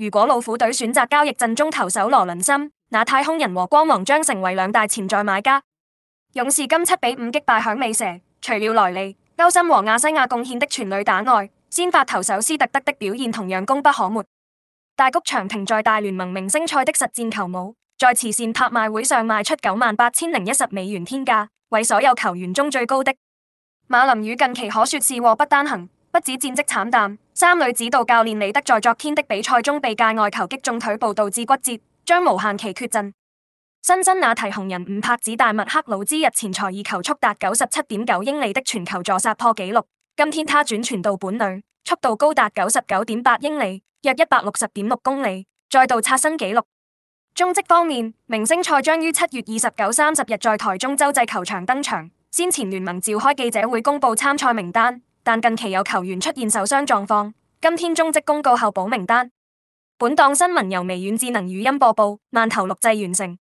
如果老虎隊選擇交易陣中投手羅倫森，那太空人和光芒將成為兩大潛在買家。勇士今七比五擊敗響尾蛇，除了萊利、歐森和亞西亞貢獻的全壘打外，先發投手斯特德、德的表現同樣功不可沒。大谷翔平在大聯盟明星賽的實戰球帽，在慈善拍賣會上賣出九萬八千零一十美元天價，為所有球員中最高的。馬林魚近期可說是禍不單行。不止戰績慘淡，三壘指導教練李德在昨天的比賽中被界外球擊中腿部，導致骨折，將無限期缺陣。辛辛那提紅人五拍子大物克魯茲日前才以球速達九十七點九英里的傳球助殺破紀錄，今天他轉傳到本壘，速度高達九十九點八英里，約一百六十點六公里，再度刷新紀錄。中職方面，明星賽將於七月二十九、三十日在台中洲際球場登場，先前聯盟召開記者會公布參賽名單。但近期有球員出現受傷狀況，今天中職公告後補名單。本檔新聞由微軟智能語音播報，慢頭錄製完成。